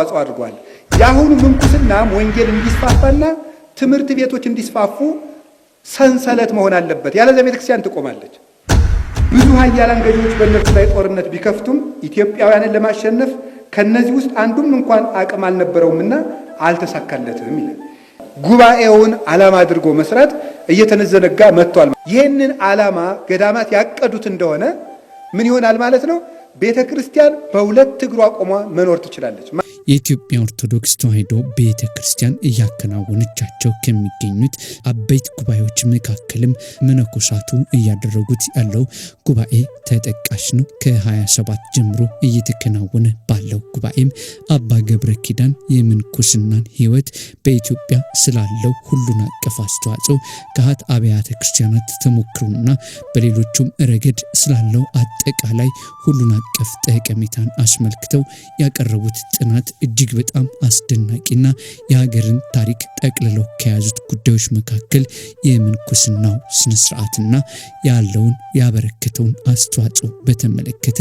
አስተዋጽኦ አድርጓል። የአሁኑ ምንኩስናም ወንጌል እንዲስፋፋና ትምህርት ቤቶች እንዲስፋፉ ሰንሰለት መሆን አለበት። ያለዚያ ቤተክርስቲያን ትቆማለች። ብዙ ሀያላን ገዢዎች በእነርሱ ላይ ጦርነት ቢከፍቱም ኢትዮጵያውያንን ለማሸነፍ ከእነዚህ ውስጥ አንዱም እንኳን አቅም አልነበረውምና አልተሳካለትም ይላል። ጉባኤውን ዓላማ አድርጎ መስራት እየተዘነጋ መጥቷል። ይህንን ዓላማ ገዳማት ያቀዱት እንደሆነ ምን ይሆናል ማለት ነው? ቤተ ክርስቲያን በሁለት እግሯ ቆሟ መኖር ትችላለች። የኢትዮጵያ ኦርቶዶክስ ተዋሕዶ ቤተ ክርስቲያን እያከናወነቻቸው ከሚገኙት አበይት ጉባኤዎች መካከልም መነኮሳቱ እያደረጉት ያለው ጉባኤ ተጠቃሽ ነው። ከ27 ጀምሮ እየተከናወነ ባለው ጉባኤም አባ ገብረ ኪዳን የምንኩስናን ሕይወት በኢትዮጵያ ስላለው ሁሉን አቀፍ አስተዋጽኦ ካህት አብያተ ክርስቲያናት ተሞክሮና በሌሎቹም ረገድ ስላለው አጠቃላይ ሁሉን አቀፍ ጠቀሜታን አስመልክተው ያቀረቡት ጥናት እጅግ በጣም አስደናቂና የሀገርን ታሪክ ጠቅልለው ከያዙት ጉዳዮች መካከል የምንኩስናው ስነስርዓትና ያለውን ያበረከተውን አስተዋጽኦ በተመለከተ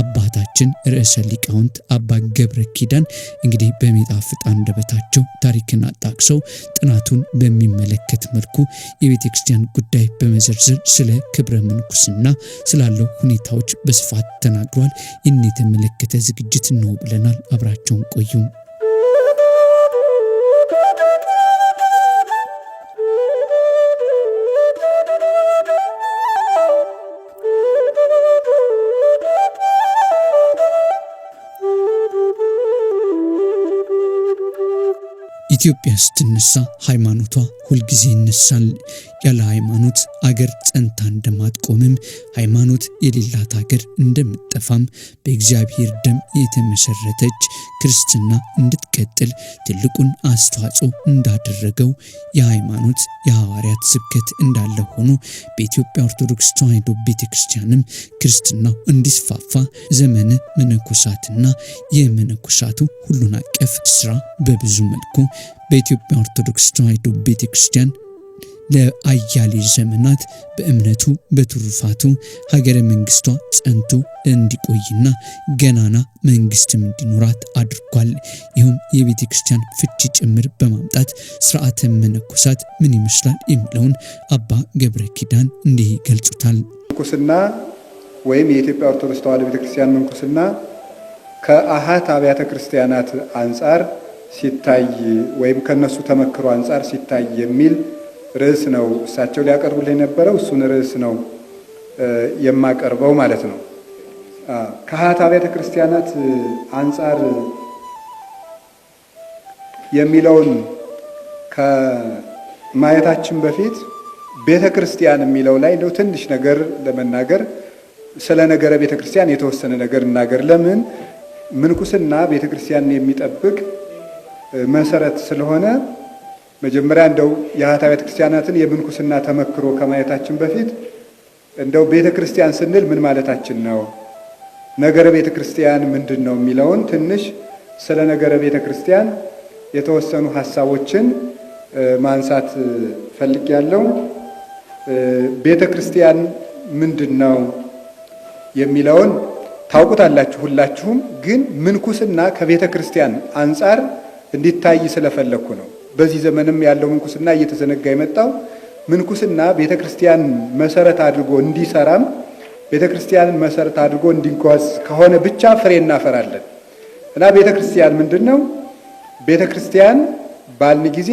አባታችን ርዕሰ ሊቃውንት አባ ገብረ ኪዳን እንግዲህ በሚጣፍጥ አንደበታቸው ታሪክን አጣቅሰው ጥናቱን በሚመለከት መልኩ የቤተ ክርስቲያን ጉዳይ በመዘርዘር ስለ ክብረ ምንኩስና ስላለው ሁኔታዎች በስፋት ተናግሯል። ይህን የተመለከተ ዝግጅት ነው ብለናል። አብራቸውን ቆዩም ኢትዮጵያ ስትነሳ ሃይማኖቷ ሁልጊዜ ይነሳል። ያለ ሃይማኖት አገር ጸንታ እንደማትቆምም ሃይማኖት የሌላት አገር እንደምጠፋም በእግዚአብሔር ደም የተመሰረተች ክርስትና እንድትቀጥል ትልቁን አስተዋጽኦ እንዳደረገው የሃይማኖት የሐዋርያት ስብከት እንዳለ ሆኖ በኢትዮጵያ ኦርቶዶክስ ተዋሕዶ ቤተ ክርስቲያንም ክርስትናው እንዲስፋፋ ዘመነ መነኮሳትና የመነኮሳቱ ሁሉን አቀፍ ስራ በብዙ መልኩ በኢትዮጵያ ኦርቶዶክስ ተዋሕዶ ቤተ ክርስቲያን ለአያሌ ዘመናት በእምነቱ በትሩፋቱ ሀገረ መንግስቷ ጸንቶ እንዲቆይና ገናና መንግስትም እንዲኖራት አድርጓል። ይህም የቤተ ክርስቲያን ፍቺ ጭምር በማምጣት ስርዓተ መነኮሳት ምን ይመስላል የሚለውን አባ ገብረ ኪዳን እንዲህ ይገልጹታል። ምንኩስና ወይም የኢትዮጵያ ኦርቶዶክስ ተዋሕዶ ቤተ ክርስቲያን ምንኩስና ከአሃት አብያተ ክርስቲያናት አንጻር ሲታይ ወይም ከነሱ ተመክሮ አንጻር ሲታይ የሚል ርዕስ ነው እሳቸው ሊያቀርቡልህ የነበረው እሱን ርዕስ ነው የማቀርበው ማለት ነው። ከሀት አብያተ ክርስቲያናት አንጻር የሚለውን ከማየታችን በፊት ቤተ ክርስቲያን የሚለው ላይ እንደው ትንሽ ነገር ለመናገር ስለ ነገረ ቤተ ክርስቲያን የተወሰነ ነገር እናገር። ለምን ምንኩስና ቤተ ክርስቲያን የሚጠብቅ መሰረት ስለሆነ መጀመሪያ እንደው የአህታ ቤተ ክርስቲያናትን የምንኩስና ተመክሮ ከማየታችን በፊት እንደው ቤተ ክርስቲያን ስንል ምን ማለታችን ነው? ነገረ ቤተ ክርስቲያን ምንድን ነው የሚለውን ትንሽ ስለ ነገረ ቤተ ክርስቲያን የተወሰኑ ሀሳቦችን ማንሳት ፈልጌያለሁ። ቤተ ክርስቲያን ምንድን ነው የሚለውን ታውቁታላችሁ ሁላችሁም። ግን ምንኩስና ከቤተ ክርስቲያን አንጻር እንዲታይ ስለፈለግኩ ነው። በዚህ ዘመንም ያለው ምንኩስና እየተዘነጋ የመጣው ምንኩስና ቤተ ክርስቲያን መሰረት አድርጎ እንዲሰራም ቤተ ክርስቲያንን መሰረት አድርጎ እንዲጓዝ ከሆነ ብቻ ፍሬ እናፈራለን እና ቤተ ክርስቲያን ምንድን ነው? ቤተ ክርስቲያን ባልን ጊዜ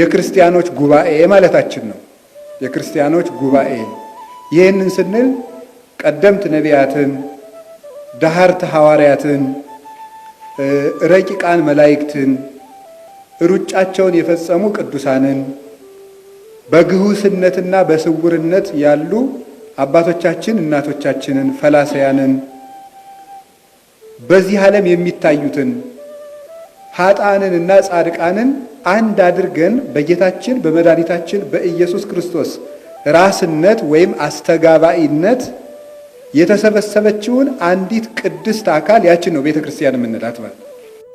የክርስቲያኖች ጉባኤ ማለታችን ነው። የክርስቲያኖች ጉባኤ ይህንን ስንል ቀደምት ነቢያትን፣ ዳህርት ሐዋርያትን፣ ረቂቃን መላይክትን ሩጫቸውን የፈጸሙ ቅዱሳንን በግሁስነትና በስውርነት ያሉ አባቶቻችን እናቶቻችንን ፈላሰያንን በዚህ ዓለም የሚታዩትን ኃጣንን እና ጻድቃንን አንድ አድርገን በጌታችን በመድኃኒታችን በኢየሱስ ክርስቶስ ራስነት ወይም አስተጋባይነት የተሰበሰበችውን አንዲት ቅድስት አካል ያችን ነው ቤተ ክርስቲያን የምንላት ማለት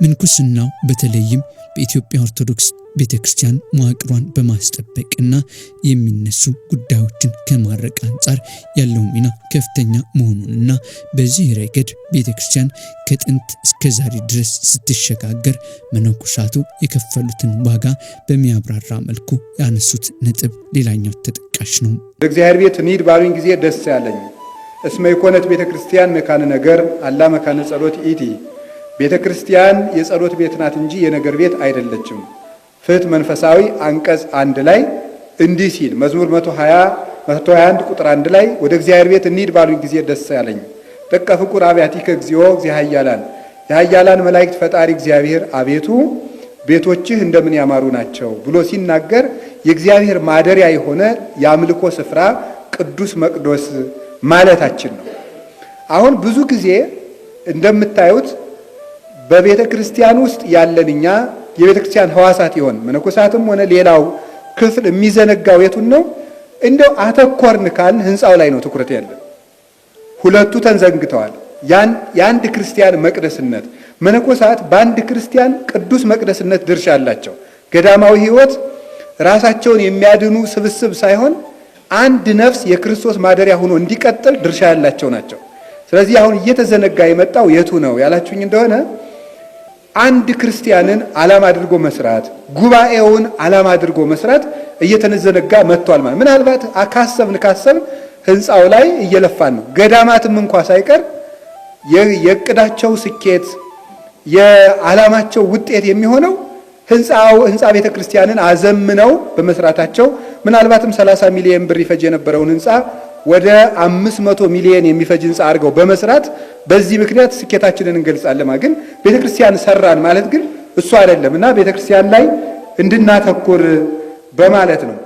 ምንኩስና በተለይም በኢትዮጵያ ኦርቶዶክስ ቤተ ክርስቲያን መዋቅሯን በማስጠበቅና የሚነሱ ጉዳዮችን ከማድረቅ አንጻር ያለው ሚና ከፍተኛ መሆኑንና በዚህ ረገድ ቤተ ክርስቲያን ከጥንት እስከ ዛሬ ድረስ ስትሸጋገር መነኮሳቱ የከፈሉትን ዋጋ በሚያብራራ መልኩ ያነሱት ነጥብ ሌላኛው ተጠቃሽ ነው። እግዚአብሔር ቤት እንሂድ ባሉኝ ጊዜ ደስ ያለኝ እስመ ይኮነት ቤተ ክርስቲያን መካነ ነገር አላ መካነ ጸሎት ኢቲ ቤተ ክርስቲያን የጸሎት ቤት ናት እንጂ የነገር ቤት አይደለችም። ፍት መንፈሳዊ አንቀጽ አንድ ላይ እንዲህ ሲል መዝሙር 121 ቁጥር አንድ ላይ ወደ እግዚአብሔር ቤት እንሂድ ባሉኝ ጊዜ ደስ ያለኝ ጥቀ ፍቁር አብያቲከ እግዚኦ እግዚአ ኃያላን የኃያላን መላእክት ፈጣሪ እግዚአብሔር አቤቱ ቤቶችህ እንደምን ያማሩ ናቸው ብሎ ሲናገር የእግዚአብሔር ማደሪያ የሆነ የአምልኮ ስፍራ ቅዱስ መቅዶስ ማለታችን ነው። አሁን ብዙ ጊዜ እንደምታዩት በቤተ ክርስቲያን ውስጥ ያለን እኛ የቤተ ክርስቲያን ህዋሳት ይሆን መነኮሳትም ሆነ ሌላው ክፍል የሚዘነጋው የቱን ነው? እንደው አተኮርን ካልን ህንፃው ላይ ነው ትኩረት ያለ። ሁለቱ ተንዘንግተዋል። የአንድ ክርስቲያን መቅደስነት መነኮሳት በአንድ ክርስቲያን ቅዱስ መቅደስነት ድርሻ አላቸው። ገዳማዊ ህይወት ራሳቸውን የሚያድኑ ስብስብ ሳይሆን አንድ ነፍስ የክርስቶስ ማደሪያ ሆኖ እንዲቀጥል ድርሻ ያላቸው ናቸው። ስለዚህ አሁን እየተዘነጋ የመጣው የቱ ነው ያላችሁኝ እንደሆነ አንድ ክርስቲያንን ዓላማ አድርጎ መስራት ጉባኤውን ዓላማ አድርጎ መስራት እየተዘነጋ መጥቷል። ማለት ምናልባት ካሰብን ካሰብን ህንፃው ላይ እየለፋን ነው። ገዳማትም እንኳ ሳይቀር የእቅዳቸው ስኬት የዓላማቸው ውጤት የሚሆነው ህንፃው ህንፃ ቤተ ክርስቲያንን አዘምነው በመስራታቸው ምናልባትም 30 ሚሊዮን ብር ይፈጅ የነበረውን ህንፃ ወደ 500 ሚሊዮን የሚፈጅ ህንፃ አድርገው በመስራት በዚህ ምክንያት ስኬታችንን እንገልጻለን። ግን ቤተክርስቲያን ሰራን ማለት ግን እሱ አይደለም እና ቤተክርስቲያን ላይ እንድናተኩር በማለት ነው።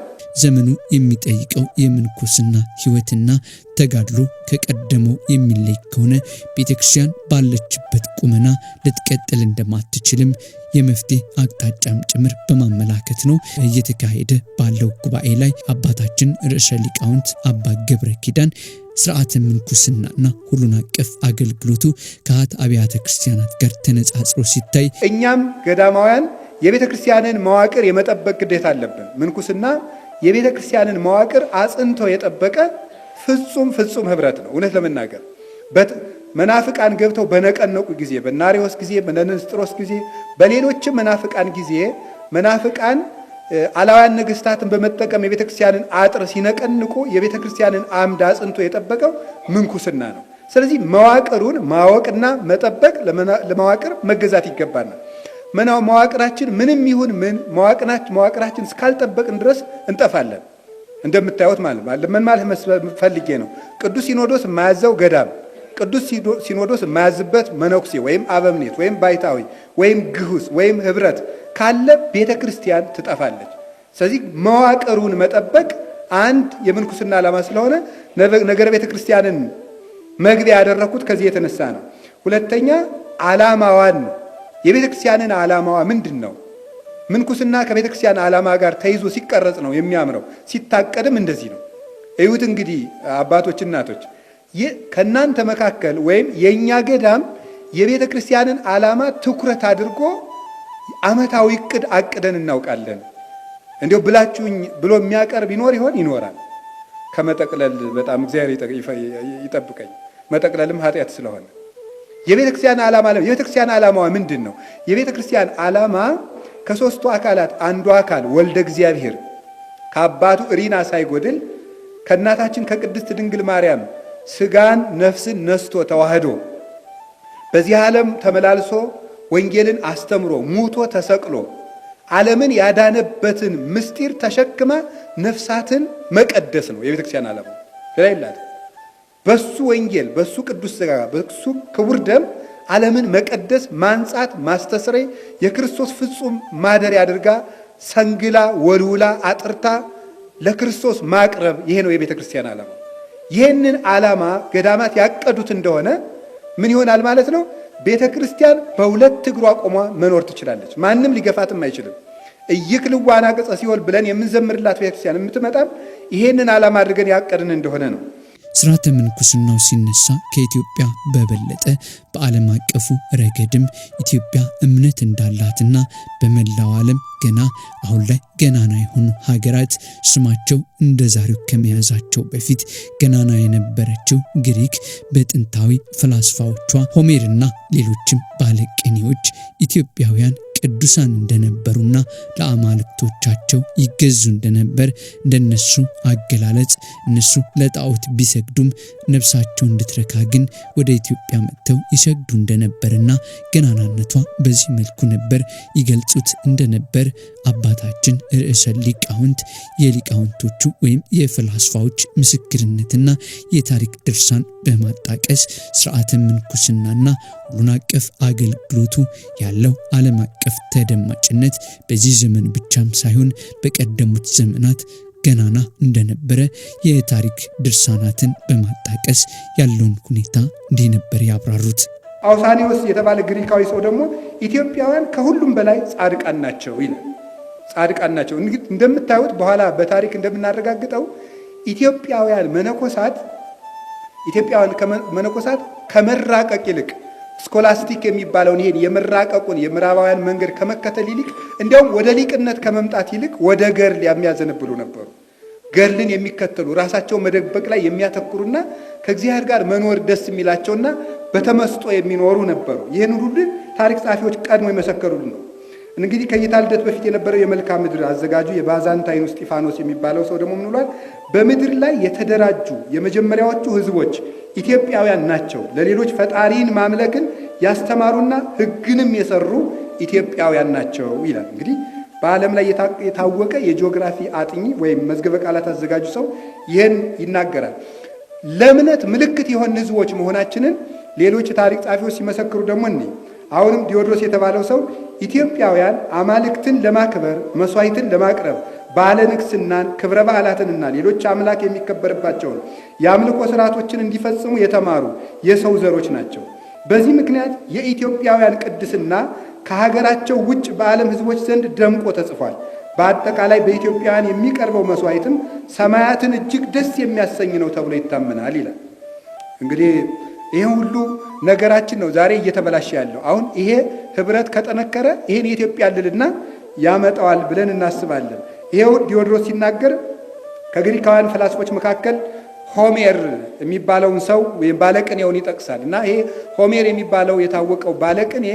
ዘመኑ የሚጠይቀው የምንኩስና ህይወትና ተጋድሎ ከቀደመው የሚለይ ከሆነ ቤተክርስቲያን ባለችበት ቁመና ልትቀጥል እንደማትችልም የመፍትሄ አቅጣጫም ጭምር በማመላከት ነው እየተካሄደ ባለው ጉባኤ ላይ አባታችን ርዕሰ ሊቃውንት አባ ገብረ ኪዳን ስርዓተ ምንኩስናና ሁሉን አቀፍ አገልግሎቱ ከሀት አብያተ ክርስቲያናት ጋር ተነጻጽሮ ሲታይ እኛም ገዳማውያን የቤተ ክርስቲያንን መዋቅር የመጠበቅ ግዴታ አለብን። ምንኩስና የቤተ ክርስቲያንን መዋቅር አጽንቶ የጠበቀ ፍጹም ፍጹም ህብረት ነው። እውነት ለመናገር መናፍቃን ገብተው በነቀነቁ ጊዜ፣ በናሪዎስ ጊዜ፣ በነንስጥሮስ ጊዜ፣ በሌሎችም መናፍቃን ጊዜ መናፍቃን አላውያን ነገስታትን በመጠቀም የቤተ ክርስቲያንን አጥር ሲነቀንቁ የቤተ ክርስቲያንን አምድ አጽንቶ የጠበቀው ምንኩስና ነው። ስለዚህ መዋቅሩን ማወቅና መጠበቅ ለመዋቅር መገዛት ይገባናል። መናው መዋቅራችን ምንም ይሁን ምን መዋቅራችን እስካልጠበቅን ድረስ እንጠፋለን። እንደምታዩት ማለት ምን ማለት ፈልጌ ነው ቅዱስ ሲኖዶስ ማያዘው ገዳም ቅዱስ ሲኖዶስ የማያዝበት መነኩሴ ወይም አበምኔት ወይም ባይታዊ ወይም ግሁስ ወይም ህብረት ካለ ቤተ ክርስቲያን ትጠፋለች። ስለዚህ መዋቅሩን መጠበቅ አንድ የምንኩስና ዓላማ ስለሆነ ነገረ ቤተ ክርስቲያንን መግቢያ ያደረግኩት ከዚህ የተነሳ ነው። ሁለተኛ ዓላማዋን የቤተ ክርስቲያንን ዓላማዋ ምንድን ነው? ምንኩስና ከቤተ ክርስቲያን ዓላማ ጋር ተይዞ ሲቀረጽ ነው የሚያምረው። ሲታቀድም እንደዚህ ነው። እዩት እንግዲህ አባቶች እናቶች ከእናንተ መካከል ወይም የእኛ ገዳም የቤተ ክርስቲያንን ዓላማ ትኩረት አድርጎ ዓመታዊ እቅድ አቅደን እናውቃለን። እንዲሁ ብላችሁኝ ብሎ የሚያቀርብ ይኖር ይሆን? ይኖራል። ከመጠቅለል በጣም እግዚአብሔር ይጠብቀኝ። መጠቅለልም ኃጢአት ስለሆነ የቤተ ክርስቲያን ዓላማ የቤተ ክርስቲያን ዓላማዋ ምንድን ነው? የቤተ ክርስቲያን ዓላማ ከሦስቱ አካላት አንዱ አካል ወልደ እግዚአብሔር ከአባቱ እሪና ሳይጎድል ከእናታችን ከቅድስት ድንግል ማርያም ስጋን ነፍስን ነስቶ ተዋህዶ በዚህ ዓለም ተመላልሶ ወንጌልን አስተምሮ ሙቶ ተሰቅሎ ዓለምን ያዳነበትን ምስጢር ተሸክማ ነፍሳትን መቀደስ ነው የቤተ ክርስቲያን ዓላማ። ሌላ የላት። በሱ ወንጌል በሱ ቅዱስ ስጋ በሱ ክቡር ደም ዓለምን መቀደስ፣ ማንጻት፣ ማስተስረይ የክርስቶስ ፍጹም ማደሪያ አድርጋ ሰንግላ ወልውላ አጥርታ ለክርስቶስ ማቅረብ ይሄ ነው የቤተ ክርስቲያን ዓላማ። ይህንን ዓላማ ገዳማት ያቀዱት እንደሆነ ምን ይሆናል ማለት ነው? ቤተ ክርስቲያን በሁለት እግሯ ቆሟ መኖር ትችላለች። ማንም ሊገፋትም አይችልም። እይክልዋና ቅጸ ሲኦል ብለን የምንዘምርላት ቤተክርስቲያን የምትመጣም ይሄንን ዓላማ አድርገን ያቀድን እንደሆነ ነው። ስርዓተ ምንኩስናው ሲነሳ ከኢትዮጵያ በበለጠ በዓለም አቀፉ ረገድም ኢትዮጵያ እምነት እንዳላትና በመላው ዓለም ገና አሁን ላይ ገናና የሆኑ ሀገራት ስማቸው እንደ ዛሬው ከመያዛቸው በፊት ገናና የነበረችው ግሪክ በጥንታዊ ፍላስፋዎቿ ሆሜርና ሌሎችም ባለቅኔዎች ኢትዮጵያውያን ቅዱሳን እንደነበሩና ለአማልክቶቻቸው ይገዙ እንደነበር እንደነሱ አገላለጽ እነሱ ለጣዖት ቢሰግዱም ነብሳቸው እንድትረካ ግን ወደ ኢትዮጵያ መጥተው ይሰግዱ እንደነበርና ገናናነቷ በዚህ መልኩ ነበር ይገልጹት እንደነበር አባታችን ርዕሰ ሊቃውንት የሊቃውንቶቹ ወይም የፍልስፋዎች ምስክርነትና የታሪክ ድርሳን በማጣቀስ ስርዓተ ምንኩስናና ሁሉን አቀፍ አገልግሎቱ ያለው ዓለም አቀፍ ተደማጭነት በዚህ ዘመን ብቻም ሳይሆን በቀደሙት ዘመናት ገናና እንደነበረ የታሪክ ድርሳናትን በማጣቀስ ያለውን ሁኔታ እንዲህ ነበር ያብራሩት። አውሳኒዎስ የተባለ ግሪካዊ ሰው ደግሞ ኢትዮጵያውያን ከሁሉም በላይ ጻድቃን ናቸው ይላል። ጻድቃን ናቸው። እንደምታዩት በኋላ በታሪክ እንደምናረጋግጠው ኢትዮጵያውያን መነኮሳት ኢትዮጵያውያን መነኮሳት ከመራቀቅ ይልቅ ስኮላስቲክ የሚባለውን ይሄን የመራቀቁን የምዕራባውያን መንገድ ከመከተል ይልቅ እንዲያውም ወደ ሊቅነት ከመምጣት ይልቅ ወደ ገድል የሚያዘነብሉ ነበሩ። ገርልን የሚከተሉ ራሳቸው መደበቅ ላይ የሚያተኩሩና ከእግዚአብሔር ጋር መኖር ደስ የሚላቸውና በተመስጦ የሚኖሩ ነበሩ። ይህን ሁሉ ታሪክ ጸሐፊዎች ቀድሞ የመሰከሩልን ነው። እንግዲህ ከጌታ ልደት በፊት የነበረው የመልክዓ ምድር አዘጋጁ የባዛንታይኑ እስጢፋኖስ የሚባለው ሰው ደግሞ ምንሏል? በምድር ላይ የተደራጁ የመጀመሪያዎቹ ህዝቦች ኢትዮጵያውያን ናቸው። ለሌሎች ፈጣሪን ማምለክን ያስተማሩና ህግንም የሰሩ ኢትዮጵያውያን ናቸው ይላል። እንግዲህ በዓለም ላይ የታወቀ የጂኦግራፊ አጥኚ ወይም መዝገበ ቃላት አዘጋጁ ሰው ይህን ይናገራል። ለእምነት ምልክት የሆን ህዝቦች መሆናችንን ሌሎች ታሪክ ጻፊዎች ሲመሰክሩ ደግሞ እኔ አሁንም ዲዮድሮስ የተባለው ሰው ኢትዮጵያውያን አማልክትን ለማክበር መስዋዕትን ለማቅረብ ባለ ንግስናን ክብረ በዓላትንና ሌሎች አምላክ የሚከበርባቸውን የአምልኮ ስርዓቶችን እንዲፈጽሙ የተማሩ የሰው ዘሮች ናቸው። በዚህ ምክንያት የኢትዮጵያውያን ቅድስና ከሀገራቸው ውጭ በዓለም ህዝቦች ዘንድ ደምቆ ተጽፏል። በአጠቃላይ በኢትዮጵያውያን የሚቀርበው መስዋዕትም ሰማያትን እጅግ ደስ የሚያሰኝ ነው ተብሎ ይታመናል ይላል። እንግዲህ ይህን ሁሉ ነገራችን ነው ዛሬ እየተበላሸ ያለው። አሁን ይሄ ህብረት ከጠነከረ ይሄን የኢትዮጵያ ልልና ያመጣዋል ብለን እናስባለን። ይሄው ዲዮድሮስ ሲናገር ከግሪካውያን ፈላስፎች መካከል ሆሜር የሚባለውን ሰው ወይም ባለቅኔውን ይጠቅሳል እና ይሄ ሆሜር የሚባለው የታወቀው ባለቅኔ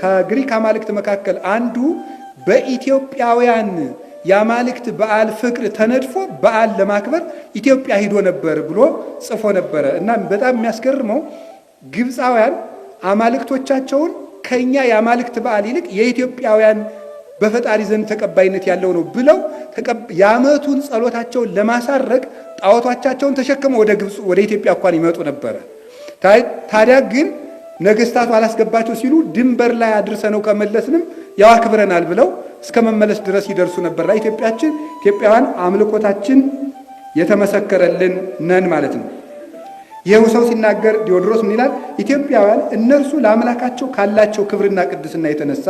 ከግሪክ አማልክት መካከል አንዱ በኢትዮጵያውያን የአማልክት በዓል ፍቅር ተነድፎ በዓል ለማክበር ኢትዮጵያ ሂዶ ነበር ብሎ ጽፎ ነበረ እና በጣም የሚያስገርመው ግብፃውያን አማልክቶቻቸውን ከእኛ የአማልክት በዓል ይልቅ የኢትዮጵያውያን በፈጣሪ ዘንድ ተቀባይነት ያለው ነው ብለው የዓመቱን ጸሎታቸውን ለማሳረግ ጣዖቶቻቸውን ተሸክመው ወደ ግብፅ ወደ ኢትዮጵያ እንኳን ይመጡ ነበረ። ታዲያ ግን ነገስታቱ አላስገባቸው ሲሉ ድንበር ላይ ነው ከመለስንም ያው አክብረናል ብለው እስከ መመለስ ድረስ ይደርሱ ነበር። ኢትዮጵያችን ኢትዮጵያውያን አምልኮታችን የተመሰከረልን ነን ማለት ነው። ይኸው ሰው ሲናገር ዲዮድሮስ ምን ይላል? ኢትዮጵያውያን እነርሱ ለአምላካቸው ካላቸው ክብርና ቅድስና የተነሳ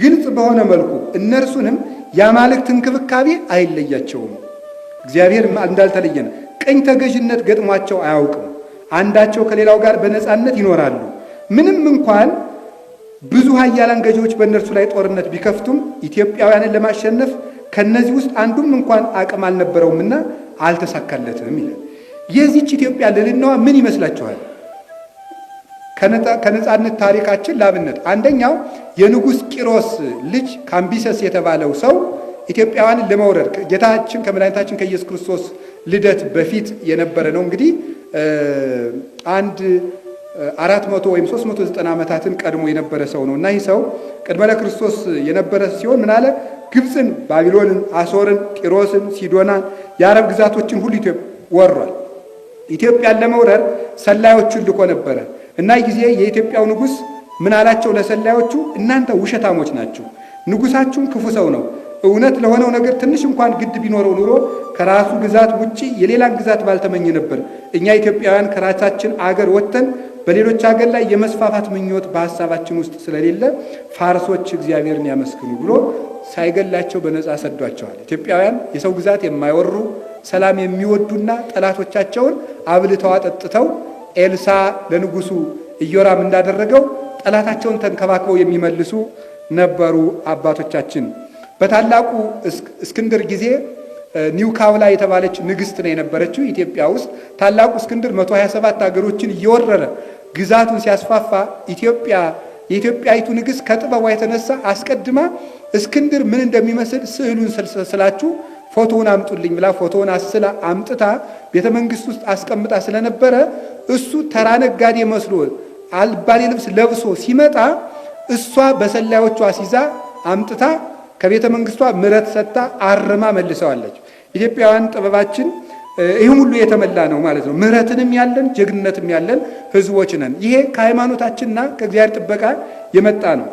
ግልጽ በሆነ መልኩ እነርሱንም የአማልክት እንክብካቤ አይለያቸውም። እግዚአብሔር እንዳልተለየን ቀኝ ተገዥነት ገጥሟቸው አያውቅም። አንዳቸው ከሌላው ጋር በነፃነት ይኖራሉ። ምንም እንኳን ብዙ ኃያላን ገዢዎች በእነርሱ ላይ ጦርነት ቢከፍቱም ኢትዮጵያውያንን ለማሸነፍ ከእነዚህ ውስጥ አንዱም እንኳን አቅም አልነበረውምና አልተሳካለትም ይላል። የዚች ኢትዮጵያ ልዕልናዋ ምን ይመስላችኋል? ከነጻነት ታሪካችን ላብነት አንደኛው የንጉሥ ቂሮስ ልጅ ካምቢሰስ የተባለው ሰው ኢትዮጵያውያንን ለመውረድ ጌታችን ከመድኃኒታችን ከኢየሱስ ክርስቶስ ልደት በፊት የነበረ ነው። እንግዲህ አንድ አራት መቶ ወይም ሶስት መቶ ዘጠና ዓመታትን ቀድሞ የነበረ ሰው ነው እና ይህ ሰው ቅድመ ለክርስቶስ የነበረ ሲሆን ምን አለ? ግብፅን፣ ባቢሎንን፣ አሶርን፣ ጢሮስን፣ ሲዶናን የአረብ ግዛቶችን ሁሉ ኢትዮጵያ ወሯል። ኢትዮጵያን ለመውረር ሰላዮቹን ልኮ ነበረ እና ጊዜ የኢትዮጵያው ንጉሥ ምን አላቸው ለሰላዮቹ? እናንተ ውሸታሞች ናችሁ፣ ንጉሳችሁን ክፉ ሰው ነው። እውነት ለሆነው ነገር ትንሽ እንኳን ግድ ቢኖረው ኑሮ ከራሱ ግዛት ውጪ የሌላን ግዛት ባልተመኘ ነበር። እኛ ኢትዮጵያውያን ከራሳችን አገር ወጥተን በሌሎች ሀገር ላይ የመስፋፋት ምኞት በሀሳባችን ውስጥ ስለሌለ ፋርሶች እግዚአብሔርን ያመስግኑ ብሎ ሳይገላቸው በነፃ ሰዷቸዋል። ኢትዮጵያውያን የሰው ግዛት የማይወሩ ሰላም የሚወዱና ጠላቶቻቸውን አብልተው አጠጥተው ኤልሳ ለንጉሱ ኢዮራም እንዳደረገው ጠላታቸውን ተንከባክበው የሚመልሱ ነበሩ አባቶቻችን። በታላቁ እስክንድር ጊዜ ኒው ካውላ የተባለች ንግስት ነው የነበረችው ኢትዮጵያ ውስጥ። ታላቁ እስክንድር 127 ሀገሮችን እየወረረ ግዛቱን ሲያስፋፋ ኢትዮጵያ የኢትዮጵያዊቱ ንግስት ከጥበቧ የተነሳ አስቀድማ እስክንድር ምን እንደሚመስል ስዕሉን ስላችሁ ፎቶውን አምጡልኝ ብላ ፎቶውን አስላ አምጥታ ቤተ መንግስት ውስጥ አስቀምጣ ስለነበረ እሱ ተራ ነጋዴ መስሎ አልባሌ ልብስ ለብሶ ሲመጣ እሷ በሰላዮቿ ሲዛ አምጥታ ከቤተ መንግስቷ ምረት ሰጥታ አርማ መልሰዋለች። ኢትዮጵያውያን ጥበባችን ይህም ሁሉ የተመላ ነው ማለት ነው። ምረትንም ያለን ጀግንነትም ያለን ህዝቦች ነን። ይሄ ከሃይማኖታችንና ከእግዚአብሔር ጥበቃ የመጣ ነው።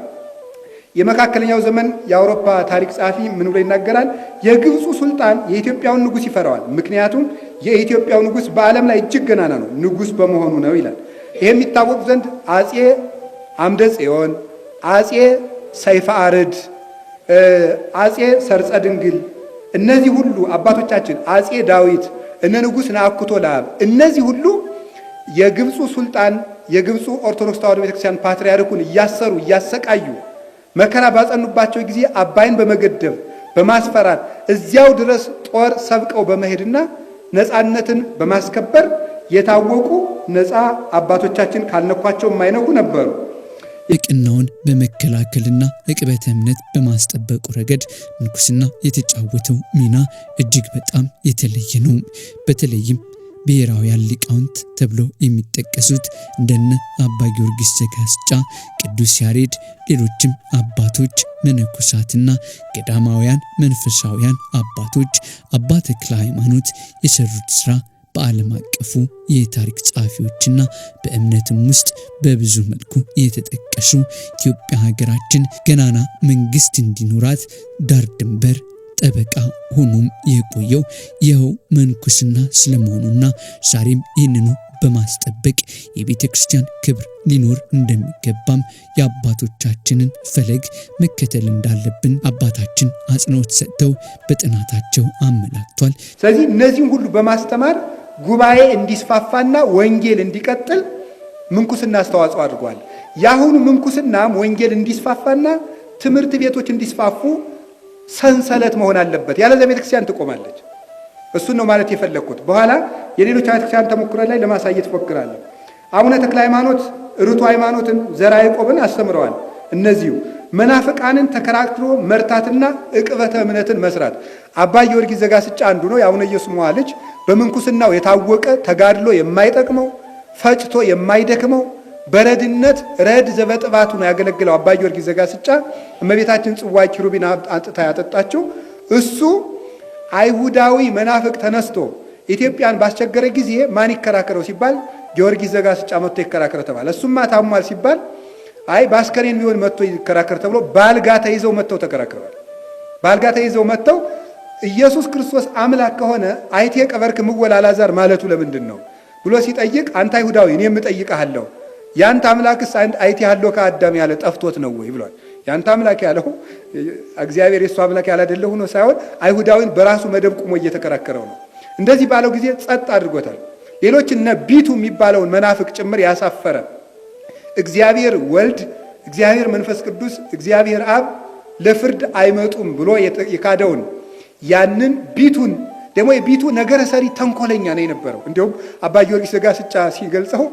የመካከለኛው ዘመን የአውሮፓ ታሪክ ጸሐፊ ምን ብሎ ይናገራል? የግብፁ ሱልጣን የኢትዮጵያውን ንጉሥ ይፈራዋል። ምክንያቱም የኢትዮጵያው ንጉሥ በዓለም ላይ እጅግ ገናና ነው፣ ንጉሥ በመሆኑ ነው ይላል። ይህ የሚታወቅ ዘንድ አጼ አምደ ጽዮን፣ አጼ ሰይፈ አርድ፣ አጼ ሰርጸ ድንግል እነዚህ ሁሉ አባቶቻችን አጼ ዳዊት፣ እነ ንጉሥ ናአኩቶ ለአብ እነዚህ ሁሉ የግብፁ ሱልጣን የግብፁ ኦርቶዶክስ ተዋሕዶ ቤተክርስቲያን ፓትርያርኩን እያሰሩ እያሰቃዩ መከራ ባጸኑባቸው ጊዜ አባይን በመገደብ በማስፈራት እዚያው ድረስ ጦር ሰብቀው በመሄድና ነፃነትን በማስከበር የታወቁ ነፃ አባቶቻችን ካልነኳቸው የማይነኩ ነበሩ። የቀናውን በመከላከልና እቅበተ እምነት በማስጠበቁ ረገድ ምንኩስና የተጫወተው ሚና እጅግ በጣም የተለየ ነው። በተለይም ብሔራውያን ሊቃውንት ተብሎ የሚጠቀሱት እንደነ አባ ጊዮርጊስ ዘጋስጫ፣ ቅዱስ ያሬድ፣ ሌሎችም አባቶች መነኮሳትና ገዳማውያን መንፈሳውያን አባቶች አባ ተክለ ሃይማኖት የሰሩት ስራ በዓለም አቀፉ የታሪክ ጸሐፊዎችና በእምነትም ውስጥ በብዙ መልኩ የተጠቀሱ ኢትዮጵያ ሀገራችን ገናና መንግስት እንዲኖራት ዳር ድንበር ጠበቃ ሆኖም የቆየው ይኸው መንኩስና ስለመሆኑና ዛሬም ይህንኑ በማስጠበቅ የቤተ ክርስቲያን ክብር ሊኖር እንደሚገባም የአባቶቻችንን ፈለግ መከተል እንዳለብን አባታችን አጽንኦት ሰጥተው በጥናታቸው አመላክቷል። ስለዚህ እነዚህም ሁሉ በማስተማር ጉባኤ እንዲስፋፋና ወንጌል እንዲቀጥል ምንኩስና አስተዋጽኦ አድርጓል። የአሁኑ ምንኩስናም ወንጌል እንዲስፋፋና ትምህርት ቤቶች እንዲስፋፉ ሰንሰለት መሆን አለበት። ያለዚያ ቤተክርስቲያን ትቆማለች። እሱን ነው ማለት የፈለግኩት። በኋላ የሌሎች ቤተክርስቲያን ተሞክሮ ላይ ለማሳየት ፎክራለሁ። አቡነ ተክለ ሃይማኖት ርቱ ሃይማኖትን ዘራ ያዕቆብን አስተምረዋል። እነዚሁ መናፍቃንን ተከራክሮ መርታትና እቅበተ እምነትን መስራት አባ ጊዮርጊስ ዘጋስጫ አንዱ ነው። የአቡነ ኢየሱስ ሞዐ ልጅ በምንኩስናው የታወቀ ተጋድሎ የማይጠቅመው ፈጭቶ የማይደክመው በረድነት ረድ ዘበጥባቱ ነው ያገለግለው አባ ጊዮርጊስ ዘጋስጫ እመቤታችን ጽዋ ኪሩቢን አንጥታ ያጠጣችው እሱ። አይሁዳዊ መናፍቅ ተነስቶ ኢትዮጵያን ባስቸገረ ጊዜ ማን ይከራከረው ሲባል ጊዮርጊስ ዘጋስጫ መጥቶ ይከራከረው ተባለ። እሱማ ታሟል ሲባል አይ በአስከሬን ቢሆን መጥቶ ይከራከር ተብሎ ባልጋ ተይዘው መጥተው ተከራክረዋል። ባልጋ ተይዘው መጥተው ኢየሱስ ክርስቶስ አምላክ ከሆነ አይቴ ቀበርክ ምወላላዛር ማለቱ ለምንድን ነው ብሎ ሲጠይቅ አንተ አይሁዳዊ እኔም እጠይቅሃለሁ ያንተ አምላክስ አይቲ ያለው ከአዳም ያለ ጠፍቶት ነው ወይ ብሏል። ያንተ አምላክ ያለው እግዚአብሔር የሱ አምላክ ያለ ሆኖ ሳይሆን አይሁዳዊን በራሱ መደብ ቁሞ እየተከራከረው ነው። እንደዚህ ባለው ጊዜ ጸጥ አድርጎታል። ሌሎች እነ ቢቱ የሚባለውን መናፍቅ ጭምር ያሳፈረ እግዚአብሔር ወልድ፣ እግዚአብሔር መንፈስ ቅዱስ፣ እግዚአብሔር አብ ለፍርድ አይመጡም ብሎ የካደውን ያንን ቢቱን ደግሞ የቢቱ ነገረ ሰሪ ተንኮለኛ ነው የነበረው። እንዲሁም አባ ጊዮርጊስ ዘጋስጫ ሲገልጸው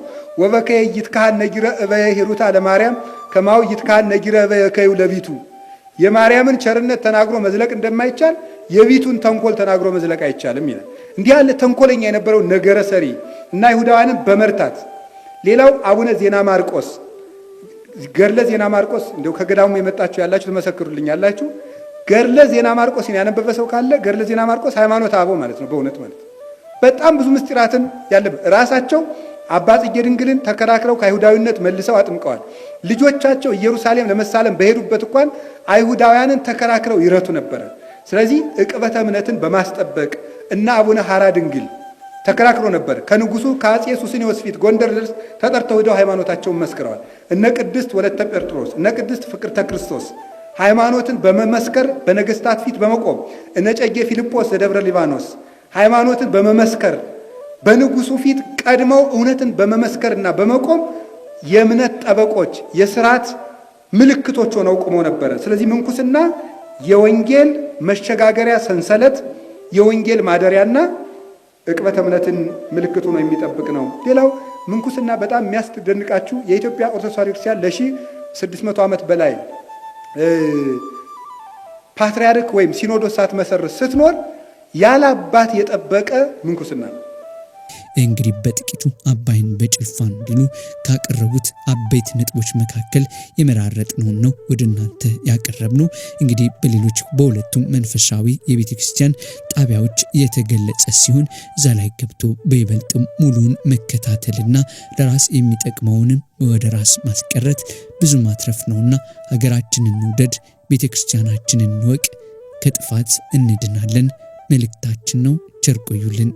ወበከየ ይትካህን ነጊረ እበየ ሂሩታ ለማርያም ከማው ይትካህን ነጊረ እበየ ከዩ ለቢቱ የማርያምን ቸርነት ተናግሮ መዝለቅ እንደማይቻል የቢቱን ተንኮል ተናግሮ መዝለቅ አይቻልም ይላል። እንዲህ ያለ ተንኮለኛ የነበረው ነገረ ሰሪ እና ይሁዳውያንን በመርታት ሌላው አቡነ ዜና ማርቆስ ገድለ ዜና ማርቆስ እንዲሁ ከገዳሙ የመጣችሁ ያላችሁ ትመሰክሩልኛላችሁ ገድለ ዜና ማርቆስን ያነበበ ሰው ካለ ገድለ ዜና ማርቆስ ሃይማኖት አበው ማለት ነው። በእውነት ማለት በጣም ብዙ ምስጢራትን ያለበት ራሳቸው አባ ጽጌ ድንግልን ተከራክረው ከአይሁዳዊነት መልሰው አጥምቀዋል። ልጆቻቸው ኢየሩሳሌም ለመሳለም በሄዱበት እንኳን አይሁዳውያንን ተከራክረው ይረቱ ነበረ። ስለዚህ እቅበተ እምነትን በማስጠበቅ እና አቡነ ሐራ ድንግል ተከራክሮ ነበር። ከንጉሱ ከአጼ ሱስንዮስ ፊት ጎንደር ድረስ ተጠርተው ሄደው ሃይማኖታቸውን መስክረዋል። እነ ቅድስት ወለተ ጴጥሮስ፣ እነ ቅድስት ፍቅርተ ክርስቶስ ሃይማኖትን በመመስከር በነገስታት ፊት በመቆም እነጨጌ ፊልጶስ ዘደብረ ሊባኖስ ሃይማኖትን በመመስከር በንጉሱ ፊት ቀድመው እውነትን በመመስከርና በመቆም የእምነት ጠበቆች የስርዓት ምልክቶች ሆነው ቆሞ ነበረ። ስለዚህ ምንኩስና የወንጌል መሸጋገሪያ ሰንሰለት፣ የወንጌል ማደሪያና እቅበተ እምነትን ምልክቱ ነው የሚጠብቅ ነው። ሌላው ምንኩስና በጣም የሚያስደንቃችሁ የኢትዮጵያ ኦርቶዶክስ ተዋሕዶ ክርስቲያን ለሺህ 600 ዓመት በላይ ፓትርያርክ ወይም ሲኖዶስ ሳትመሰርት ስትኖር ያለ አባት የጠበቀ ምንኩስና ነው። እንግዲህ በጥቂቱ አባይን በጭልፋ እንዲሉ ካቀረቡት አበይት ነጥቦች መካከል ነውን ነው ወደ እናንተ ያቀረብነው። እንግዲህ በሌሎች በሁለቱም መንፈሳዊ የቤተ ክርስቲያን ጣቢያዎች የተገለጸ ሲሆን እዛ ላይ ገብቶ በይበልጥም ሙሉውን መከታተልና ለራስ የሚጠቅመውንም ወደ ራስ ማስቀረት ብዙ ማትረፍ ነውና ሀገራችንን እንውደድ፣ ቤተ ክርስቲያናችንን እንወቅ፣ ከጥፋት እንድናለን መልእክታችን ነው። ቸር ቆዩልን።